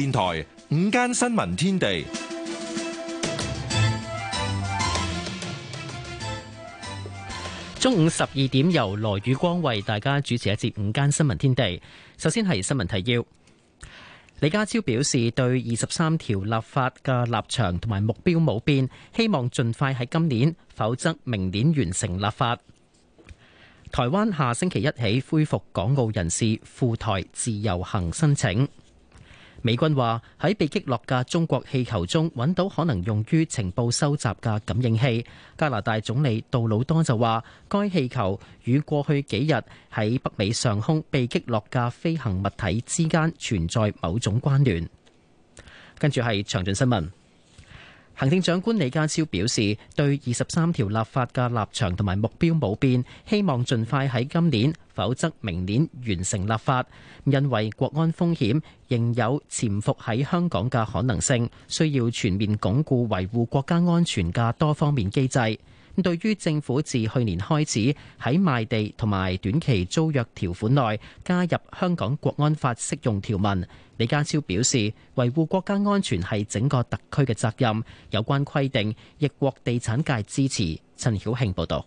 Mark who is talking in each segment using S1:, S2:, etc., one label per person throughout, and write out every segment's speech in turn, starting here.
S1: 電台午間新聞天地，
S2: 中午十二點由羅宇光為大家主持一節午間新聞天地。首先係新聞提要。李家超表示，對二十三條立法嘅立場同埋目標冇變，希望盡快喺，今年，否則明年完成立法。台灣下星期一起恢復港澳人士赴台自由行申請。美軍話喺被擊落嘅中國氣球中揾到可能用於情報收集嘅感應器。加拿大總理杜魯多就話，該氣球與過去幾日喺北美上空被擊落嘅飛行物體之間存在某種關聯。跟住係詳盡新聞。行政長官李家超表示，對二十三條立法嘅立場同埋目標冇變，希望盡快喺今年，否則明年完成立法。因為國安風險仍有潛伏喺香港嘅可能性，需要全面鞏固維護國家安全嘅多方面機制。對於政府自去年開始喺賣地同埋短期租約條款內加入香港國安法適用條文。李家超表示，維護國家安全係整個特區嘅責任，有關規定亦獲地產界支持。陳曉慶報道。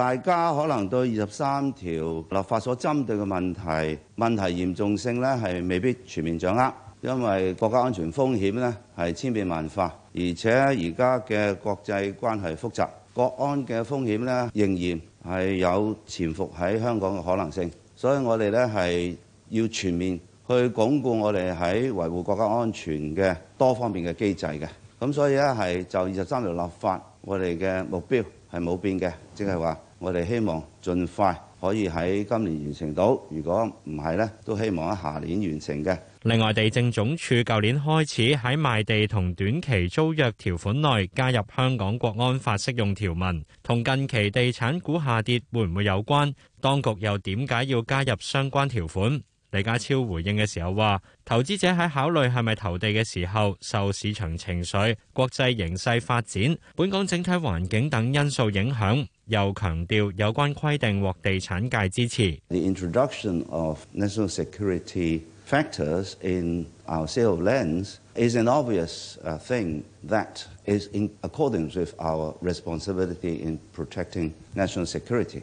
S3: 大家可能對二十三條立法所針對嘅問題、問題嚴重性呢係未必全面掌握，因為國家安全風險呢係千變萬化，而且而家嘅國際關係複雜，國安嘅風險呢仍然係有潛伏喺香港嘅可能性，所以我哋呢係要全面去鞏固我哋喺維護國家安全嘅多方面嘅機制嘅，咁所以呢係就二十三條立法，我哋嘅目標係冇變嘅，即係話。我哋希望盡快可以喺今年完成到，如果唔係呢，都希望喺下年完成嘅。
S1: 另外，地政總署舊年開始喺賣地同短期租約條款內加入香港國安法適用條文，同近期地產股下跌會唔會有關？當局又點解要加入相關條款？李家超回應嘅時候話：投資者喺考慮係咪投地嘅時候，受市場情緒、國際形勢發展、本港整體環境等因素影響，又強調有關規定獲地產界支
S3: 持。The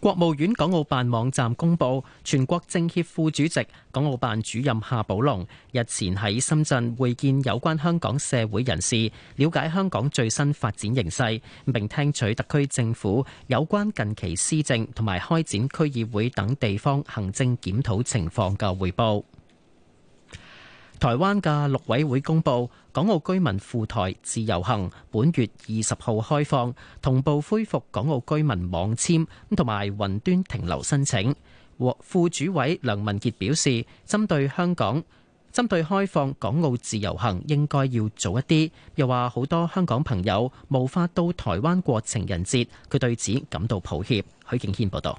S2: 國務院港澳辦網站公布，全國政協副主席、港澳辦主任夏寶龍日前喺深圳會見有關香港社會人士，了解香港最新發展形勢，並聽取特區政府有關近期施政同埋開展區議會等地方行政檢討情況嘅匯報。台灣嘅陸委會公布，港澳居民赴台自由行本月二十號開放，同步恢復港澳居民網簽，同埋雲端停留申請。副主委梁文傑表示，針對香港，針對開放港澳自由行，應該要早一啲。又話好多香港朋友無法到台灣過情人節，佢對此感到抱歉。許景軒報道。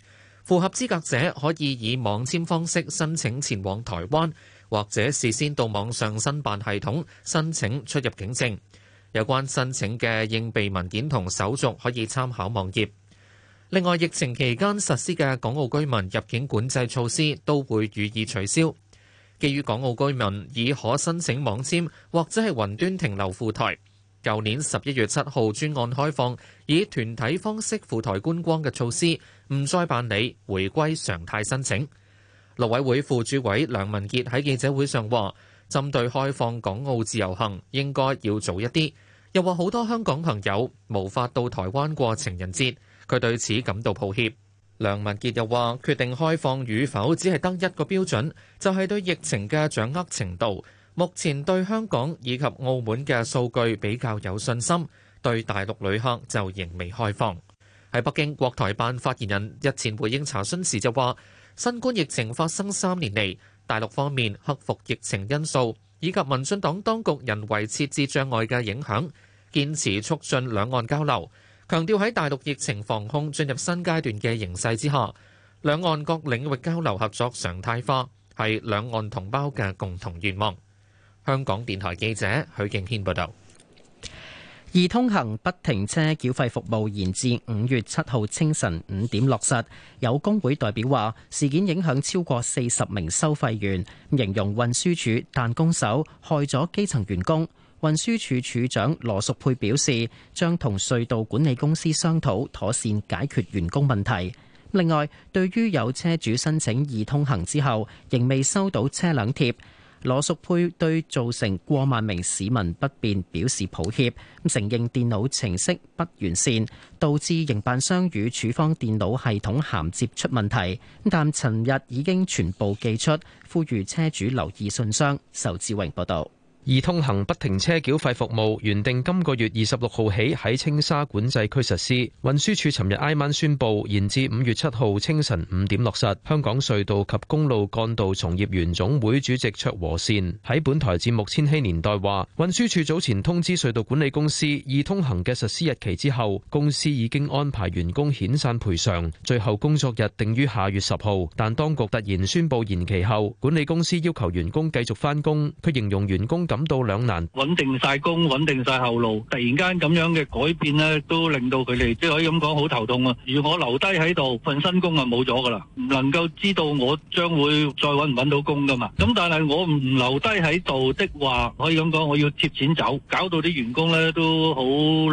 S4: 符合資格者可以以網簽方式申請前往台灣，或者事先到網上申辦系統申請出入境證。有關申請嘅應備文件同手續可以參考網頁。另外，疫情期間實施嘅港澳居民入境管制措施都會予以取消。基於港澳居民已可申請網簽或者係雲端停留赴台，舊年十一月七號專案開放以團體方式赴台觀光嘅措施，唔再辦理，回歸常態申請，陸委會副主委梁文傑喺記者會上話針對開放港澳自由行，應該要早一啲。又話好多香港朋友無法到台灣過情人節，佢對此感到抱歉。梁文傑又話決定開放與否，只係得一個標準，就係對疫情嘅掌握程度。目前對香港以及澳門嘅數據比較有信心，對大陸旅客就仍未開放。喺北京，國台辦發言人日前回應查詢時就話，新冠疫情發生三年嚟，大陸方面克服疫情因素以及民進黨當局人為設置障礙嘅影響，堅持促進兩岸交流。強調喺大陸疫情防控進入新階段嘅形勢之下，兩岸各領域交流合作常態化，係兩岸同胞嘅共同願望。香港電台記者許敬軒報道。
S2: 易通行不停車繳費服務延至五月七號清晨五點落實。有工會代表話，事件影響超過四十名收費員，形容運輸署彈弓手害咗基層員工。運輸署署長羅淑佩表示，將同隧道管理公司商討妥善解決員工問題。另外，對於有車主申請易通行之後仍未收到車輛貼。羅淑佩對造成過萬名市民不便表示抱歉，承認電腦程式不完善，導致營辦商與處方電腦系統銜接出問題。但尋日已經全部寄出，呼籲車主留意信箱。仇志榮報道。
S5: 易通行不停車繳費服務原定今個月二十六號起喺青沙管制區實施，運輸署尋日挨晚宣布延至五月七號清晨五點落實。香港隧道及公路幹道從業員總會主席卓和善喺本台節目《千禧年代》話，運輸署早前通知隧道管理公司易通行嘅實施日期之後，公司已經安排員工遣散賠償，最後工作日定於下月十號，但當局突然宣布延期後，管理公司要求員工繼續翻工，佢形容員工。感到兩難，
S6: 穩定晒工，穩定晒後路。突然間咁樣嘅改變咧，都令到佢哋即係可以咁講好頭痛啊！如果留低喺度份新工啊，冇咗噶啦，唔能夠知道我將會再搵唔搵到工噶嘛。咁但係我唔留低喺度的話，可以咁講，我要貼錢走，搞到啲員工咧都好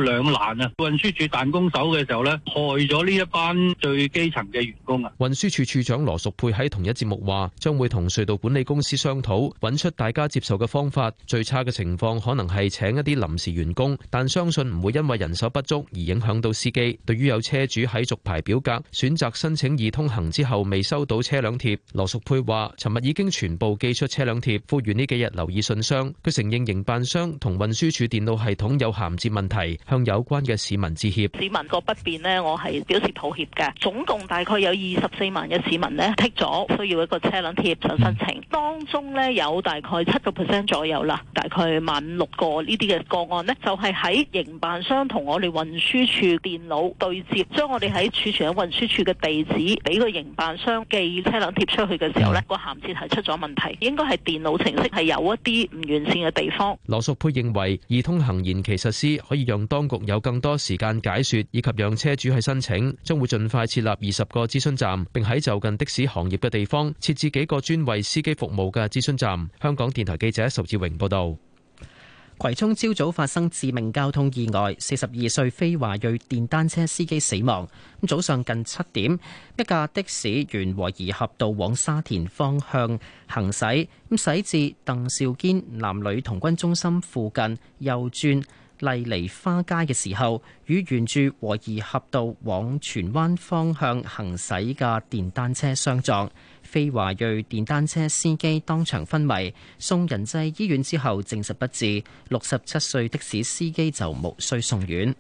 S6: 兩難啊。運輸署彈弓手嘅時候咧，害咗呢一班最基層嘅員工
S5: 啊。運輸署署長羅淑佩喺同一節目話，將會同隧道管理公司商討，揾出大家接受嘅方法。最差嘅情況可能係請一啲臨時員工，但相信唔會因為人手不足而影響到司機。對於有車主喺續牌表格選擇申請易通行之後未收到車輛貼，羅淑佩話，尋日已經全部寄出車輛貼，呼籲呢幾日留意信箱。佢承認營辦商同運輸署電腦系統有銜接問題，向有關嘅市民致歉。
S7: 市民個不便呢，我係表示抱歉嘅。總共大概有二十四萬嘅市民呢剔咗需要一個車輛貼就申請，當中呢，有大概七個 percent 左右啦。大概萬六個呢啲嘅個案呢就係、是、喺營辦商同我哋運輸處電腦對接，將我哋喺儲存喺運輸處嘅地址俾個營辦商寄車輛貼出去嘅時候呢、那個銜接係出咗問題，應該係電腦程式係有一啲唔完善嘅地方。
S5: 羅淑佩認為二通行延期實施，可以讓當局有更多時間解説，以及讓車主去申請，將會盡快設立二十個諮詢站，並喺就近的士行業嘅地方設置幾個專為司機服務嘅諮詢站。香港電台記者仇志榮報
S2: 道：葵涌朝早發生致命交通意外，四十二歲非華裔電單車司機死亡。咁早上近七點，一架的士沿和宜合道往沙田方向行駛，咁駛至鄧肇堅男女童軍中心附近右轉麗梨花街嘅時候，與沿住和宜合道往荃灣方向行駛嘅電單車相撞。非華裔電單車司機當場昏迷，送仁濟醫院之後證實不治。六十七歲的士司機就無需送院。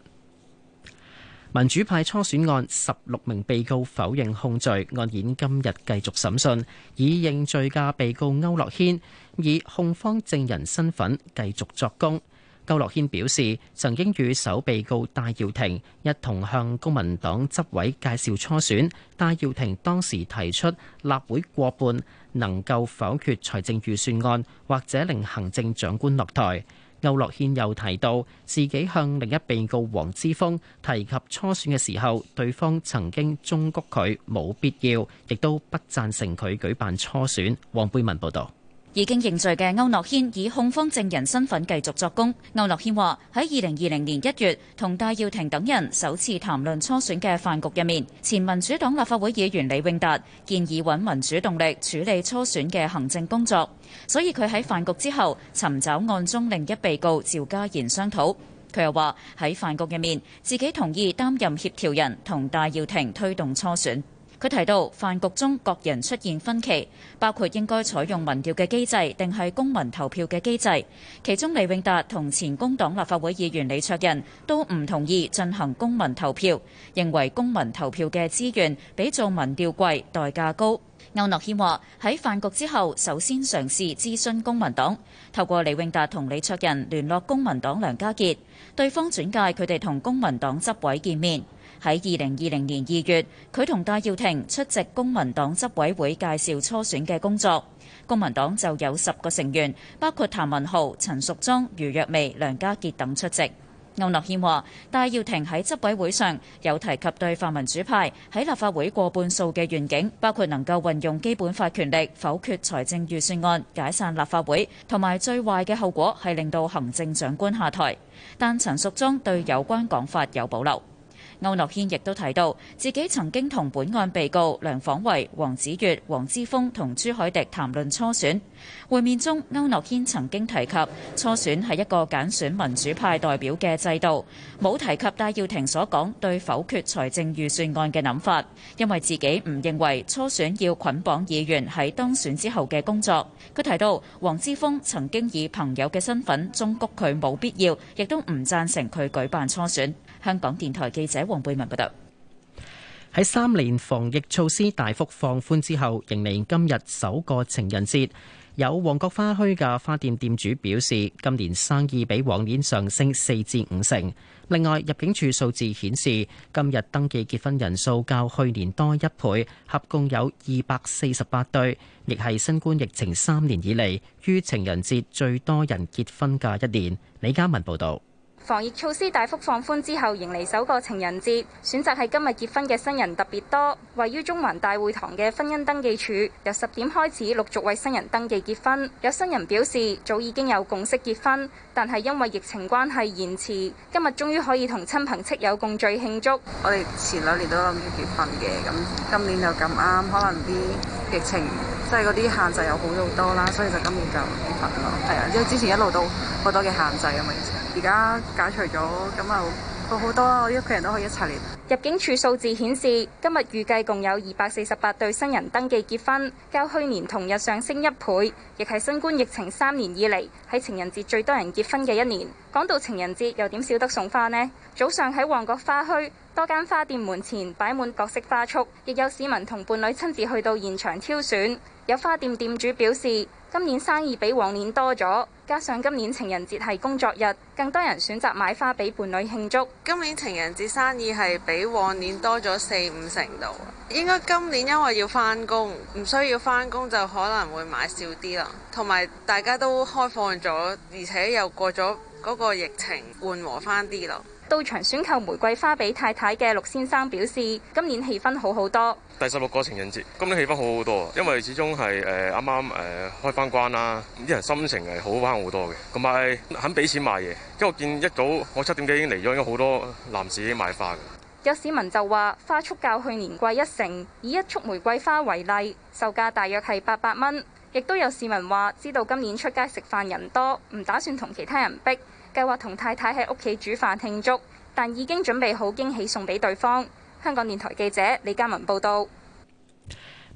S2: 民主派初選案十六名被告否認控罪，案件今日繼續審訊。已認罪嘅被告區諾軒以控方證人身份繼續作供。區諾軒表示，曾經與首被告戴耀廷一同向公民黨執委介紹初選，戴耀廷當時提出立會過半能夠否決財政預算案，或者令行政長官落台。區諾軒又提到，自己向另一被告黃之鋒提及初選嘅時候，對方曾經忠告佢冇必要，亦都不讚成佢舉辦初選。黃貝文報道。
S7: 已經認罪嘅區諾軒以控方證人身份繼續作供。區諾軒話：喺二零二零年一月，同戴耀廷等人首次談論初選嘅飯局入面，前民主黨立法會議員李永達建議揾民主動力處理初選嘅行政工作，所以佢喺飯局之後尋找案中另一被告趙家賢商討。佢又話：喺飯局入面，自己同意擔任協調人，同戴耀廷推動初選。佢提到飯局中各人出現分歧，包括應該採用民調嘅機制定係公民投票嘅機制。其中李永達同前工黨立法會議員李卓人都唔同意進行公民投票，認為公民投票嘅資源比做民調貴，代價高。區諾軒話喺飯局之後，首先嘗試諮詢公民黨，透過李永達同李卓人聯絡公民黨梁家傑，對方轉介佢哋同公民黨執委見面。喺二零二零年二月，佢同戴耀廷出席公民黨執委會，介紹初選嘅工作。公民黨就有十個成員，包括譚文豪、陳淑莊、余若薇、梁家傑等出席。區諾軒話：戴耀廷喺執委會上有提及對泛民主派喺立法會過半數嘅願景，包括能夠運用基本法權力否決財政預算案、解散立法會，同埋最壞嘅後果係令到行政長官下台。但陳淑莊對有關講法有保留。區諾軒亦都提到，自己曾經同本案被告梁晃維、黃子悅、黃之鋒同朱凱迪談論初選。會面中，區諾軒曾經提及初選係一個揀選民主派代表嘅制度，冇提及戴耀廷所講對否決財政預算案嘅諗法，因為自己唔認為初選要捆綁議員喺當選之後嘅工作。佢提到黃之鋒曾經以朋友嘅身份，忠告佢冇必要，亦都唔贊成佢舉辦初選。香港電台記者。黃貝文報道：
S2: 喺三年防疫措施大幅放寬之後，迎嚟今日首個情人節。有旺角花墟嘅花店店主表示，今年生意比往年上升四至五成。另外，入境處數字顯示，今日登記結婚人數較去年多一倍，合共有二百四十八對，亦係新冠疫情三年以嚟於情人節最多人結婚嘅一年。李家文報道。
S8: 防疫措施大幅放寬之後，迎嚟首個情人節，選擇係今日結婚嘅新人特別多。位於中環大會堂嘅婚姻登記處由十點開始陸續為新人登記結婚。有新人表示，早已經有共識結婚，但係因為疫情關係延遲，今日終於可以同親朋戚友共聚慶祝。我哋前兩年都諗住結婚嘅，咁今年就咁啱，可能啲
S9: 疫情即係嗰啲限制又好咗好多啦，所以就今年就結婚咯。係啊，因為之前一路都好多嘅限制啊嘛，而家，解除咗，咁啊好好多啊！我哋屋企人
S8: 都可以一齊嚟。入境處數字顯示，今日預計共有二百四十八對新人登記結婚，較去年同日上升一倍，亦係新冠疫情三年以嚟喺情人節最多人結婚嘅一年。講到情人節又點少得送花呢？早上喺旺角花墟，多間花店門前擺滿各式花束，亦有市民同伴侶親自去到現場挑選。有花店店主表示：今年生意比往年多咗，加上今年情人節係工作日，更多人選擇買花俾伴侶慶祝。今年情人節生意係比往年多咗四五成度。應該今年因為要返工，
S4: 唔需要返工就可能會買少啲咯，同埋大家都開放咗，
S10: 而且又過咗嗰個疫情緩和翻啲咯。到
S8: 場選購玫瑰花俾太太嘅陸先生表示：今年氣氛好好多。
S1: 第十六個情人節，今年氣氛好好多，因為始終係誒啱啱誒開翻關啦，啲人心情係好翻好多嘅，同埋肯俾錢買嘢。因為我見一早我七點幾已經嚟咗，已經好多男士已經買花
S5: 嘅。
S8: 有市民就話花束較去年貴一成，以一束玫瑰花為例，售價大約係八百蚊。亦都有市民話知道今年出街食飯人多，唔打算同其他人逼。計劃同太太喺屋企煮飯慶祝，但已經準備好驚喜送俾對方。香港電台記者李嘉文報道。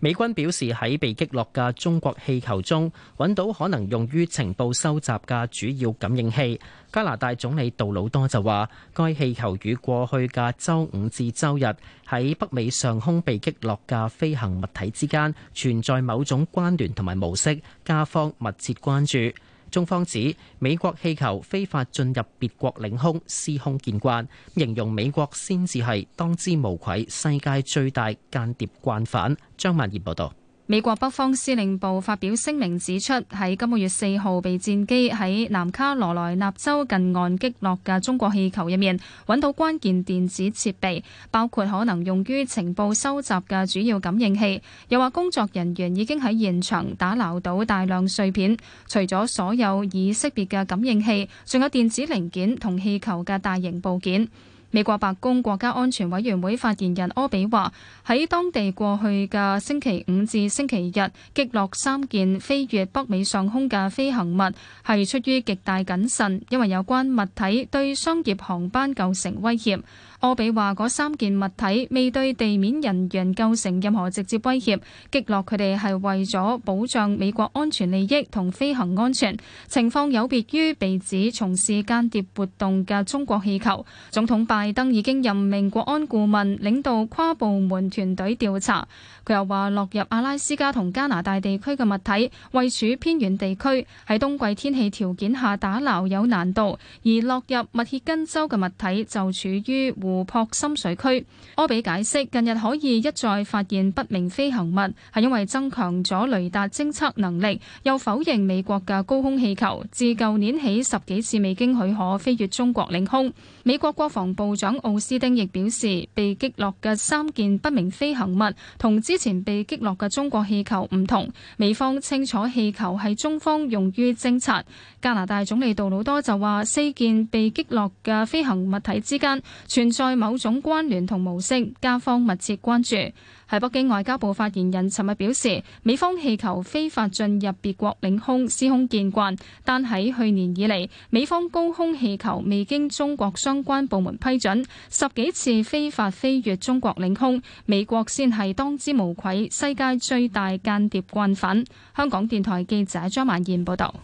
S2: 美軍表示喺被擊落嘅中國氣球中，揾到可能用於情報收集嘅主要感應器。加拿大總理杜魯多就話，該氣球與過去嘅周五至周日喺北美上空被擊落嘅飛行物體之間存在某種關聯同埋模式，加方密切關注。中方指美國氣球非法進入別國領空司空見慣，形容美國先至係當之無愧世界最大間諜慣犯。張曼燕報道。
S10: 美國北方司令部發表聲明指出，喺今個月四號被戰機喺南卡羅來納州近岸擊落嘅中國氣球入面，揾到關鍵電子設備，包括可能用於情報收集嘅主要感應器。又話工作人員已經喺現場打撈到大量碎片，除咗所有已識別嘅感應器，仲有電子零件同氣球嘅大型部件。美國白宮國家安全委員會發言人柯比話：喺當地過去嘅星期五至星期日，擊落三件飛越北美上空嘅飛行物，係出於極大謹慎，因為有關物體對商業航班構成威脅。科比話：嗰三件物體未對地面人員構成任何直接威脅，擊落佢哋係為咗保障美國安全利益同飛行安全。情況有別於被指從事間諜活動嘅中國氣球。總統拜登已經任命國安顧問領導跨部門團隊調查。佢又話：落入阿拉斯加同加拿大地區嘅物體，位處偏遠地區，喺冬季天氣條件下打撈有難度；而落入密歇根州嘅物體就處於湖泊深水區。柯比解釋：近日可以一再發現不明飛行物，係因為增強咗雷達偵測能力。又否認美國嘅高空氣球自舊年起十幾次未經許可飛越中國領空。美國國防部長奧斯汀亦表示，被擊落嘅三件不明飛行物同之之前被擊落嘅中國氣球唔同，美方清楚氣球係中方用於偵察。加拿大總理杜魯多就話，四件被擊落嘅飛行物體之間存在某種關聯同模式，加方密切關注。喺北京外交部發言人尋日表示，美方氣球非法進入別國領空司空見慣，但喺去年以嚟，美方高空氣球未經中國相關部門批准，十幾次非法飛越中國領空，美國先係當之無愧無愧世界最大間諜慣犯。香港電台記者張曼燕報道，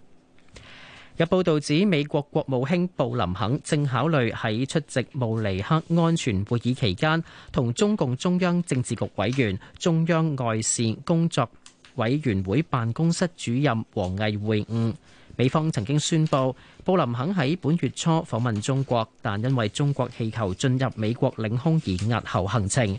S2: 有報道指美國國務卿布林肯正考慮喺出席慕尼黑安全會議期間，同中共中央政治局委員、中央外事工作委員會辦公室主任王毅會晤。美方曾經宣布布林肯喺本月初訪問中國，但因為中國氣球進入美國領空而押後行程。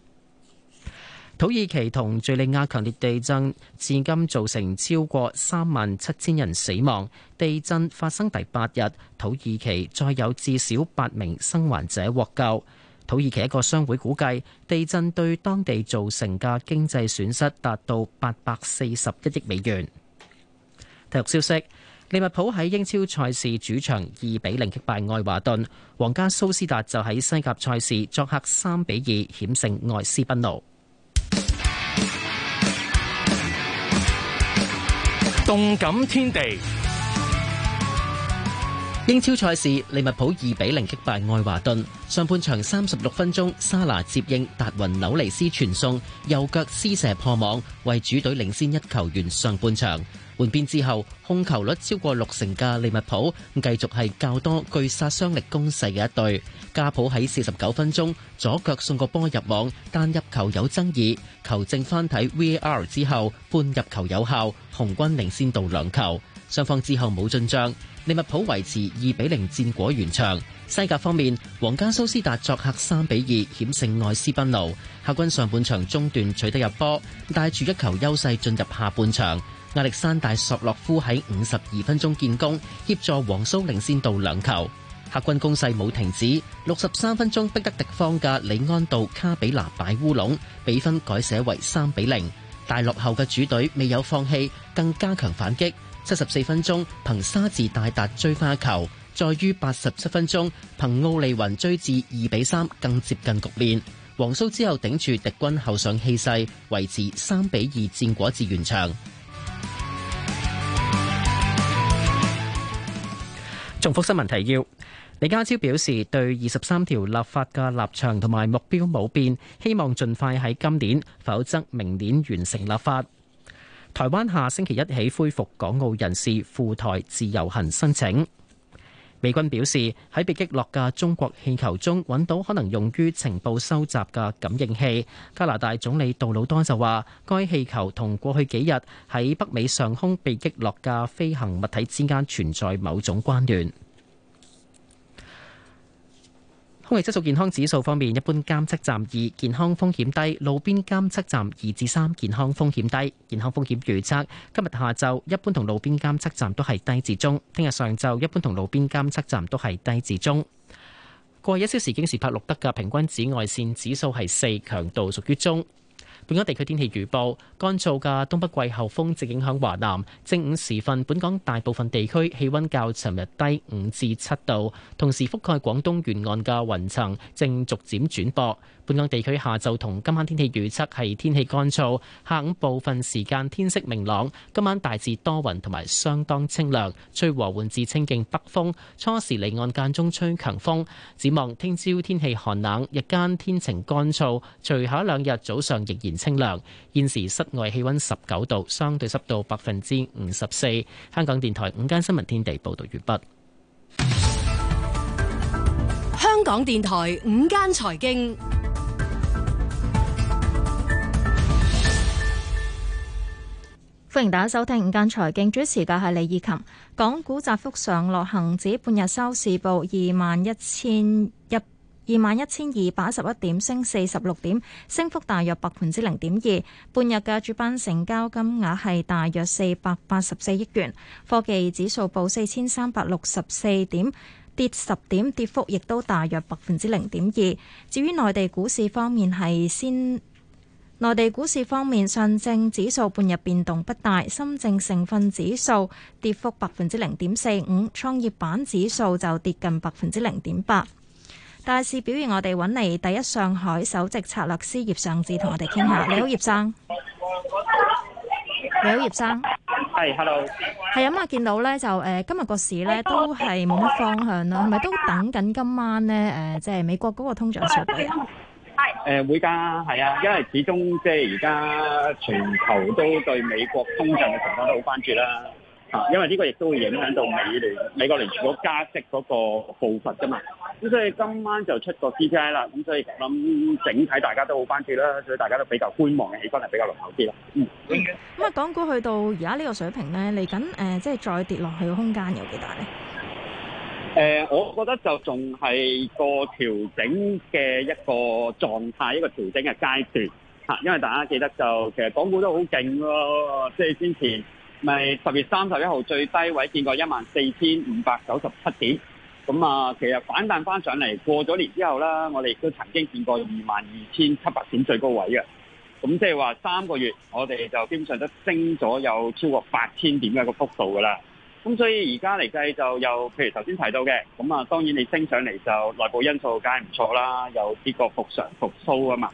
S2: 土耳其同敘利亞強烈地震，至今造成超過三萬七千人死亡。地震發生第八日，土耳其再有至少八名生還者獲救。土耳其一個商會估計，地震對當地造成嘅經濟損失達到八百四十一億美元。體育消息：利物浦喺英超賽事主場二比零擊敗愛華頓，皇家蘇斯達就喺西甲賽事作客三比二險勝愛斯賓奴。動感天地，英超賽事利物浦二比零擊敗愛華頓。上半場三十六分鐘，沙拿接應達雲紐尼斯傳送，右腳施射破網，為主隊領先一球完上半場。換邊之後，控球率超過六成嘅利物浦繼續係較多具殺傷力攻勢嘅一隊。加普喺四十九分鐘左腳送個波入網，但入球有爭議，球證翻睇 VAR 之後判入球有效，紅軍領先到兩球。雙方之後冇進賬，利物浦維持二比零戰果完場。西甲方面，皇家蘇斯達作客三比二險勝愛斯賓奴，客軍上半場中段取得入波，帶住一球優勢進入下半場。亞歷山大，索洛夫喺五十二分鐘建功，協助黃蘇領先到兩球。客軍攻勢冇停止，六十三分鐘逼得敵方嘅李安道卡比拿擺烏龍，比分改寫為三比零。大落後嘅主隊未有放棄，更加強反擊。七十四分鐘憑沙治大達追花球，再於八十七分鐘憑奧利雲追至二比三，更接近局面。黃蘇之後頂住敵軍後上氣勢，維持三比二戰果至完場。重複新聞提要，李家超表示對二十三條立法嘅立場同埋目標冇變，希望盡快喺今年，否則明年完成立法。台灣下星期一起恢復港澳人士赴台自由行申請。美軍表示，喺被擊落嘅中國氣球中揾到可能用於情報收集嘅感應器。加拿大總理杜魯多就話，該氣球同過去幾日喺北美上空被擊落嘅飛行物體之間存在某種關聯。空氣質素健康指數方面，一般監測站二，健康風險低；路邊監測站二至三，健康風險低。健康風險預測：今日下晝一般同路邊監測站都係低至中；聽日上晝一般同路邊監測站都係低至中。過去一小時，京士柏錄得嘅平均紫外線指數係四，強度屬於中。本港地區天氣預報，乾燥嘅東北季候風直影響華南。正午時分，本港大部分地區氣溫較尋日低五至七度。同時覆蓋廣東沿岸嘅雲層正逐漸轉薄。本港地區下晝同今晚天氣預測係天氣乾燥，下午部分時間天色明朗，今晚大致多雲同埋相當清涼，吹和緩至清勁北風，初時離岸間中吹強風。展望聽朝天氣寒冷，日間天晴乾燥，隨後一兩日早上仍然清涼。現時室外氣温十九度，相對濕度百分之五十四。香港電台午間新聞天地報道完畢。
S11: 香港電台午間財經。
S12: 歡迎大家收聽午間財經，主持嘅係李綺琴。港股窄幅上落，恒指半日收市報二萬一千一二萬一千二百一十一點，升四十六點，升幅大約百分之零點二。半日嘅主板成交金額係大約四百八十四億元。科技指數報四千三百六十四點，跌十點，跌幅亦都大約百分之零點二。至於內地股市方面，係先。內地股市方面，上證指數半日變動不大，深證成分指數跌幅百分之零點四五，創業板指數就跌近百分之零點八。大市表現，我哋揾嚟第一上海首席策略師葉尚志
S6: 同我哋傾下。你好，葉生。
S12: Hello. 你好，葉生。
S6: 係 Hi. Hello。
S12: 係啊，咁啊，見到呢，就誒、呃，今日個市呢都係冇乜方向咯，係咪都等緊今晚呢？誒、呃，即係美國嗰個通脹數據啊？
S6: 誒、嗯、會㗎，係啊，因為始終即係而家全球都對美國通脹嘅情況都好關注啦，
S3: 嚇、啊，因為呢個亦都會影響到美、啊、聯美國聯儲
S6: 加息嗰個步伐㗎嘛。咁所以今晚就出個 CPI 啦，咁所以諗整體大家都好關注啦，所以大家都比較觀望嘅氣氛係比較濃厚啲啦。嗯。
S12: 咁啊，港股去到而家呢個水平咧，嚟緊誒即係再跌落去嘅空間有幾大咧？
S6: 誒、呃，我覺得就仲係個調整嘅一個狀態，一個調整嘅階段嚇。因為大家記得就其實港股都好勁咯，即係先前咪十、就是、月三十一號最低位見過一萬四千五百九十七點，咁啊，其實反彈翻上嚟過咗年之後啦，我哋亦都曾經見過二萬二千七百點最高位嘅，咁即係話三個月我哋就基本上都升咗有超過八千點嘅一個幅度㗎啦。咁所以而家嚟計就又，譬如頭先提到嘅，咁啊當然你升上嚟就內部因素梗係唔錯啦，有個復常復甦啊嘛。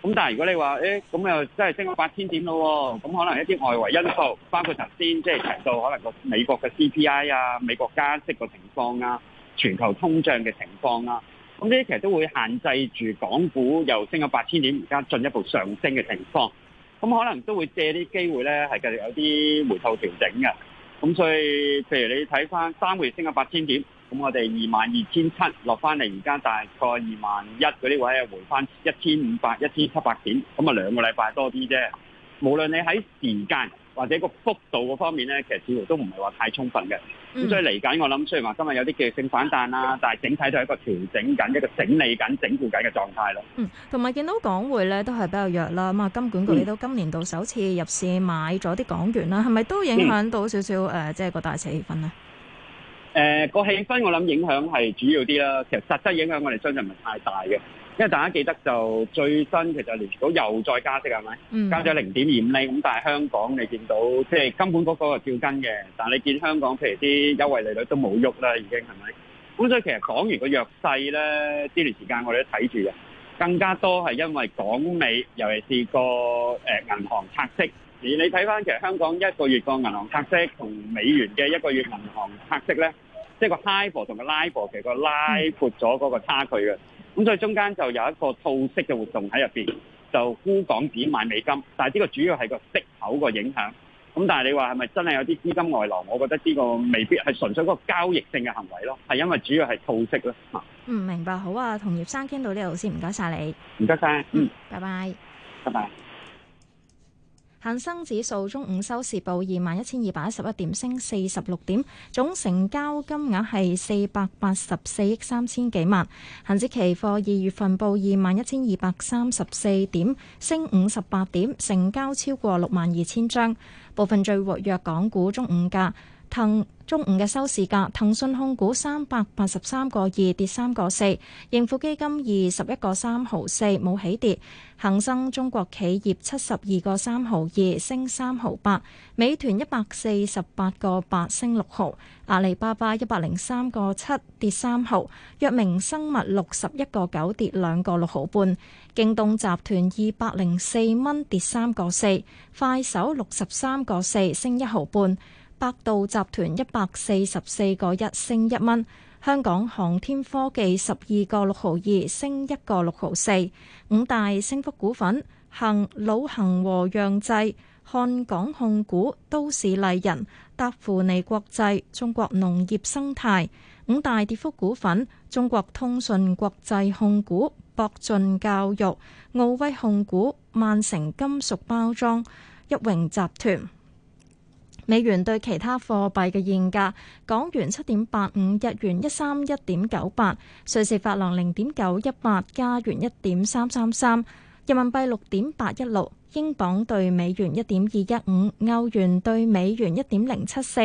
S6: 咁但係如果你話，誒、欸、咁又真係升咗八千點咯、哦，咁可能一啲外圍因素，包括頭先即係提到可能個美國嘅 CPI 啊、美國加息個情況啊、全球通脹嘅情況啊，咁呢啲其實都會限制住港股又升咗八千點而家進一步上升嘅情況。咁可能都會借啲機會咧，係繼續有啲回頭調整嘅。咁所以，譬如你睇翻三個月升咗八千點，咁我哋二萬二千七落翻嚟，而家大概二萬一嗰啲位啊，回翻一千五百、一千七百點，咁啊兩個禮拜多啲啫。無論你喺時間。或者個幅度個方面咧，其實似乎都唔係話太充分嘅。咁、嗯、所以嚟緊，我諗雖然話今日有啲技術性反彈啦，嗯、但係整體都係一個調整緊、一個整理緊、整固緊嘅狀態咯。嗯，
S12: 同埋見到港匯咧都係比較弱啦。咁啊，金管局亦都今年度首次入市買咗啲港元啦，係咪、嗯、都影響到少少誒、呃，即係個大市氣氛咧？
S6: 誒、呃，個氣氛我諗影響係主要啲啦。其實實質影響我哋相信唔係太大嘅。因為大家記得就最新其實聯儲又再加息係咪？嗯。加咗零點二五厘，咁但係香港你見到即係金管局嗰個照跟嘅，但係你見香港譬如啲優惠利率都冇喐啦，已經係咪？咁所以其實港元個弱勢咧，呢段時間我哋都睇住嘅，更加多係因為港美，尤其是個誒銀行拆息。而你睇翻其實香港一個月個銀行拆息同美元嘅一個月銀行拆息咧，即係個 HIBOR 同個 LIBOR 其實拉闊咗嗰個差距嘅。咁所以中間就有一個套息嘅活動喺入邊，就沽港紙買美金，但係呢個主要係個息口個影響。咁但係你話，係咪真係有啲資金外流？我覺得呢個未必係純粹個交易性嘅行為咯，係因為主要係套息咯。吓、嗯，
S12: 唔明白，好啊，同葉生傾到呢度先，唔該晒你，
S6: 唔該晒。嗯，
S12: 拜拜，
S9: 拜拜。
S12: 恒生指數中午收市報二萬一千二百一十一點，升四十六點，總成交金額係四百八十四億三千幾萬。恒指期貨二月份報二萬一千二百三十四點，升五十八點，成交超過六萬二千張。部分最活躍港股中午價。騰中午嘅收市價，騰訊控股三百八十三個二跌三個四，盈富基金二十一個三毫四冇起跌，恒生中國企業七十二個三毫二升三毫八，美團一百四十八個八升六毫，阿里巴巴一百零三個七跌三毫，藥明生物六十一個九跌兩個六毫半，京東集團二百零四蚊跌三個四，快手六十三個四升一毫半。百度集團一百四十四個一升一蚊，香港航天科技十二個六毫二升一個六毫四，五大升幅股份：恒老恒和、洋製、漢港控股、都市麗人、達芙妮國際、中國農業生態。五大跌幅股份：中國通訊國際控股、博駿教育、奧威控股、萬成金屬包裝、一榮集團。美元對其他貨幣嘅現價：港元七點八五，日元一三一點九八，瑞士法郎零點九一八，加元一點三三三，人民幣六點八一六。英鎊兌美元一點二一五，歐元兌美元一點零七四，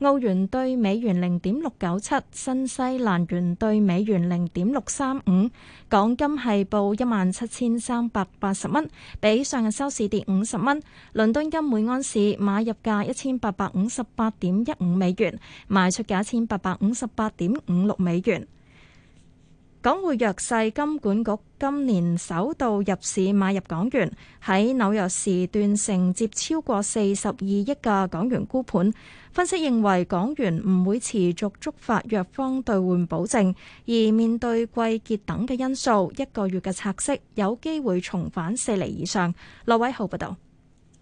S12: 澳元兌美元零點六九七，新西蘭元兌美元零點六三五。港金係報一萬七千三百八十蚊，比上日收市跌五十蚊。倫敦金每安士買入價一千八百五十八點一五美元，賣出價一千八百五十八點五六美元。港匯弱勢，金管局今年首度入市買入港元，喺紐約時段承接超過四十二億嘅港元沽盤。分析認為，港元唔會持續觸發弱方兌換保證，而面對季結等嘅因素，一個月嘅拆息有機會重返四厘以上。羅偉豪報道，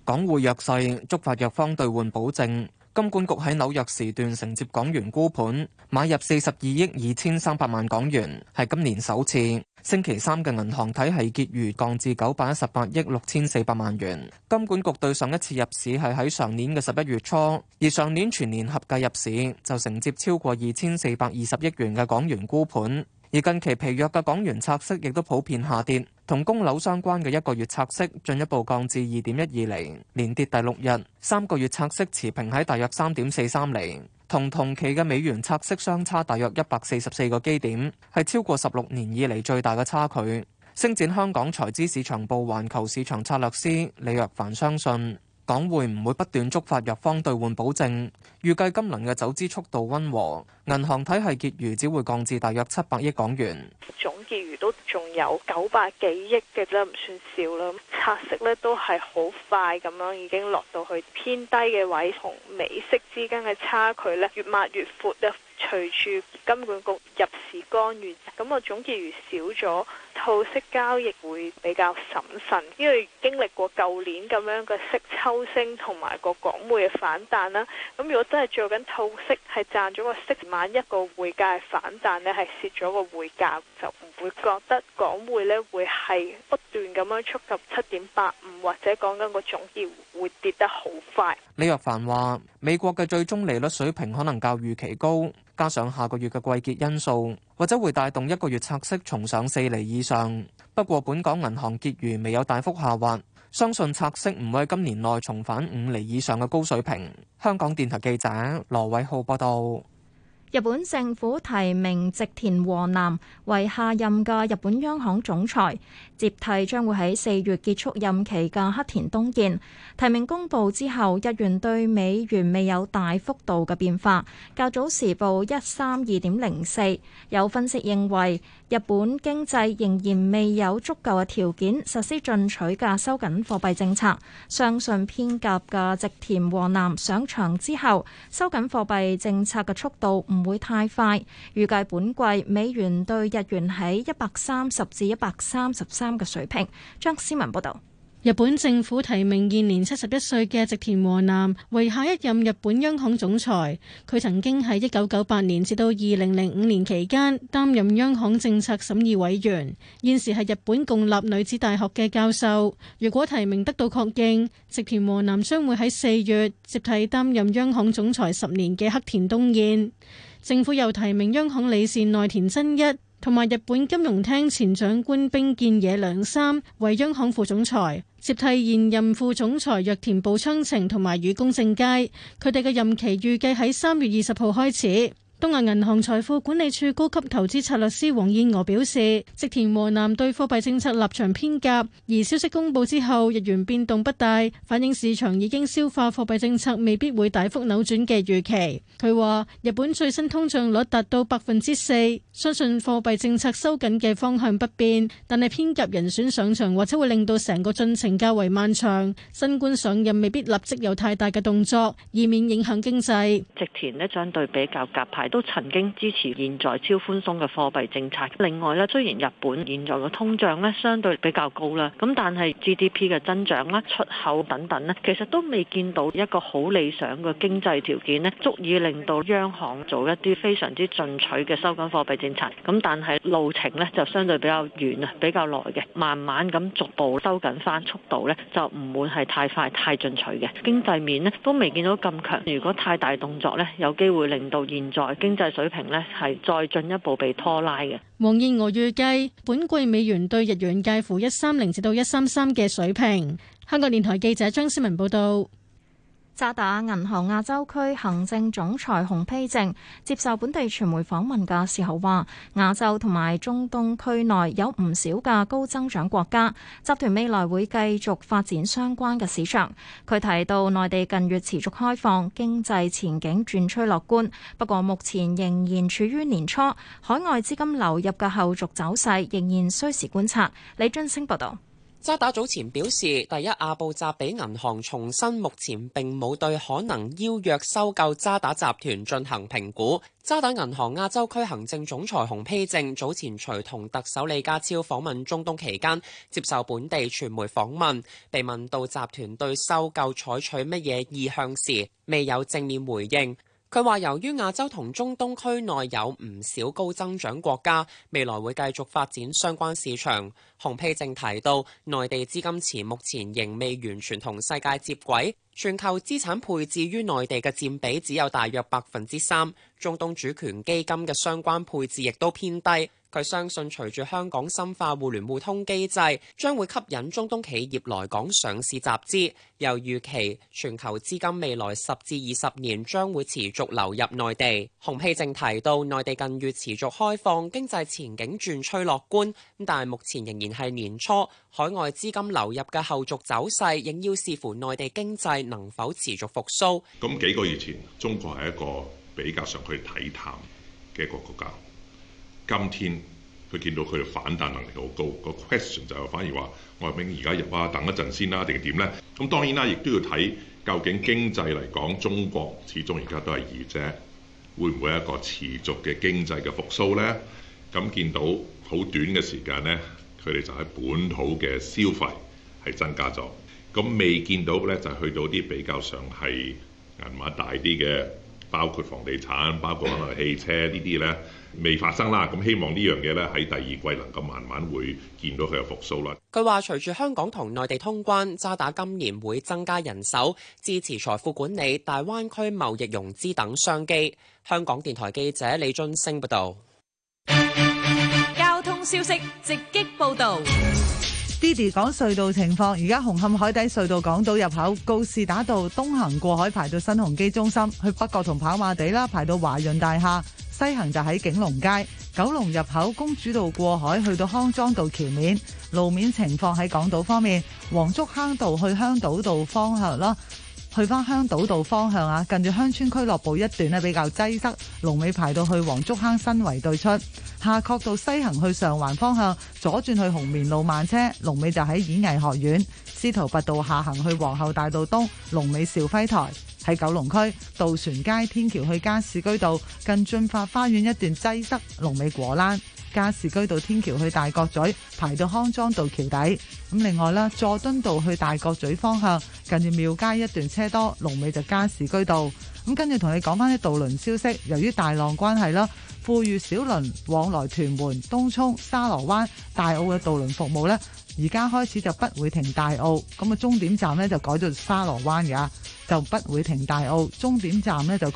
S13: 港匯弱勢，觸發弱方兌換保證。金管局喺紐約時段承接港元沽盤，買入四十二億二千三百萬港元，係今年首次。星期三嘅銀行體系結餘降至九百一十八億六千四百萬元。金管局對上一次入市係喺上年嘅十一月初，而上年全年合計入市就承接超過二千四百二十億元嘅港元沽盤。而近期疲弱嘅港元拆息亦都普遍下跌。同供樓相關嘅一個月拆息進一步降至二點一二釐，連跌第六日。三個月拆息持平喺大約三點四三釐，同同期嘅美元拆息相差大約一百四十四個基點，係超過十六年以嚟最大嘅差距。星展香港財資市場部環球市場策略師李若凡相信。港匯唔會不斷觸發弱方兌換保證，預計今輪嘅走資速度溫和，銀行體系結餘只會降至大約七百億港元。
S10: 總結餘都仲有九百幾億嘅，都唔算少啦。拆息咧都係好快咁樣，已經落到去偏低嘅位，同美息之間嘅差距咧越抹越闊啦。隨住金管局入市干預，咁我總結如少咗套息交易會比較審慎，因為經歷過舊年咁樣嘅息抽升同埋個港匯嘅反彈啦。咁如果真係做緊套息，係賺咗個息，萬一個匯價嘅反彈咧，係蝕咗個匯價，就唔會覺得港匯咧會係不斷咁樣觸及七點八五，或者講緊個總結會跌得好
S13: 快。李若凡話，美國嘅最終利率水平可能較預期高，加上下個月嘅季結因素，或者會帶動一個月拆息重上四厘以上。不過，本港銀行結餘未有大幅下滑，相信拆息唔會喺今年內重返五厘以上嘅高水平。香港電台記者羅偉浩報道。
S12: 日本政府提名植田和男為下任嘅日本央行總裁，接替將會喺四月結束任期嘅黑田東彥。提名公布之後，日元對美元未有大幅度嘅變化，較早時報一三二點零四。有分析認為，日本經濟仍然未有足夠嘅條件實施進取嘅收緊貨幣政策，相信偏鴿嘅植田和男上場之後，收緊貨幣政策嘅速度唔會太快，預計本季美元對日元喺一百三十至一百三十三嘅水平。張思文報道。
S11: 日本政府提名現年七十一歲嘅植田和男為下一任日本央行總裁。佢曾經喺一九九八年至到二零零五年期間擔任央行政策審議委員，現時係日本共立女子大學嘅教授。如果提名得到確認，植田和男將會喺四月接替擔任央行總裁十年嘅黑田東彥。政府又提名央行理事內田真一同埋日本金融廳前長官冰見野良三為央行副總裁。接替現任副總裁若田部昌澄同埋雨宮正佳，佢哋嘅任期預計喺三月二十號開始。東亞銀行財富管理處高級投資策略師黃燕娥表示，植田和男對貨幣政策立場偏鴿，而消息公布之後日元變動不大，反映市場已經消化貨幣政策未必會大幅扭轉嘅預期。佢話，日本最新通脹率達到百分之四，相信貨幣政策收緊嘅方向不變，但係偏鴿人選上場或者會令到成個進程較為漫長。新官上任未必立即有太大嘅動作，以免影響經濟。
S12: 植田呢，相對比較鴿派。都曾經支持現在超寬鬆嘅貨幣政策。另外咧，雖然日本現在嘅通脹咧相對比較高啦，咁但係 GDP 嘅增長啦、出口等等咧，其實都未見到一個好理想嘅經濟條件咧，足以令到央行做一啲非常之進取嘅收緊貨幣政策。咁但係路程咧就相對比較遠啊，比較耐嘅，慢慢咁逐步收緊返速度咧，就唔會係太快太進取嘅。經濟面咧都未見到咁強，如果太大動作咧，有機會令到現在，經濟水平呢係再進一步被拖拉嘅。
S11: 黃燕娥預計，本季美元對日元介乎一三零至到一三三嘅水平。香港電台記者張思文報道。渣打銀行亞洲區行
S12: 政總裁洪丕正接受本地傳媒訪問嘅時候話：亞洲同埋中東區內有唔少嘅高增長國家，集團未來會繼續發展相關嘅市場。佢提到內地近月持續開放，經濟前景轉趨樂觀，不過目前仍然處於年初，海外資金流入嘅後續走勢仍然需時觀察。李俊升報道。
S14: 渣打早前表示，第一阿布扎比銀行重申目前並冇對可能要約收購渣打集團進行評估。渣打銀行亞洲區行政總裁洪丕正早前隨同特首李家超訪問中東期間，接受本地傳媒訪問，被問到集團對收購採取乜嘢意向時，未有正面回應。佢話：由於亞洲同中東區內有唔少高增長國家，未來會繼續發展相關市場。洪丕正提到，內地資金池目前仍未完全同世界接軌，全球資產配置於內地嘅佔比只有大約百分之三，中東主權基金嘅相關配置亦都偏低。佢相信，隨住香港深化互聯互通機制，將會吸引中東企業來港上市集資，又預期全球資金未來十至二十年將會持續流入內地。洪熙正提到，內地近月持續開放，經濟前景轉趨樂觀，但係目前仍然係年初海外資金流入嘅後續走勢仍要視乎內地經濟能否持續復甦，
S4: 咁幾個月前，中國係一個比較上去以睇淡嘅一個國家。今天佢見到佢哋反彈能力好高，個 question 就係反而話：我明而家入啊？等一陣先啦、啊，定係點呢？咁當然啦，亦都要睇究竟經濟嚟講，中國始終而家都係二隻，會唔會一個持續嘅經濟嘅復甦呢？咁見到好短嘅時間呢，佢哋就喺本土嘅消費係增加咗。咁未見到呢，就去到啲比較上係銀碼大啲嘅。包括房地產、包括可能汽車呢啲咧，未發生啦。咁希望呢樣嘢咧喺第二季能夠慢慢會見到佢嘅復甦啦。
S14: 佢話：隨住香港同內地通關，渣打今年會增加人手，支持財富管理、大灣區貿易融資等商機。香港電台記者李俊升報道。
S10: 交通消息直擊報導。
S9: d i d 講隧道情況，而家紅磡海底隧道港島入口告士打道東行過海排到新鴻基中心，去北角同跑馬地啦，排到華潤大廈；西行就喺景龍街、九龍入口公主道過海去到康莊道橋面路面情況。喺港島方面，黃竹坑道去香島道方向啦。去翻香島道方向啊，近住鄉村俱樂部一段呢，比較擠塞，龍尾排到去黃竹坑新圍對出。夏慤道西行去上環方向，左轉去紅棉路慢車，龍尾就喺演藝學院。司徒拔道下行去皇后大道東，龍尾肇輝台喺九龍區。渡船街天橋去加士居道，近駿發花園一段擠塞，龍尾果欄。加士居道天橋去大角咀排到康莊道橋底，咁另外啦，佐敦道去大角咀方向近住廟街一段車多，龍尾就加士居道。咁跟住同你講翻啲渡輪消息，由於大浪關係啦，富裕小輪往來屯門、東涌、沙螺灣、大澳嘅渡輪服務呢，而家開始就不會停大澳，咁啊終點站呢，就改到沙螺灣㗎，就不會停大澳，終點站呢，就。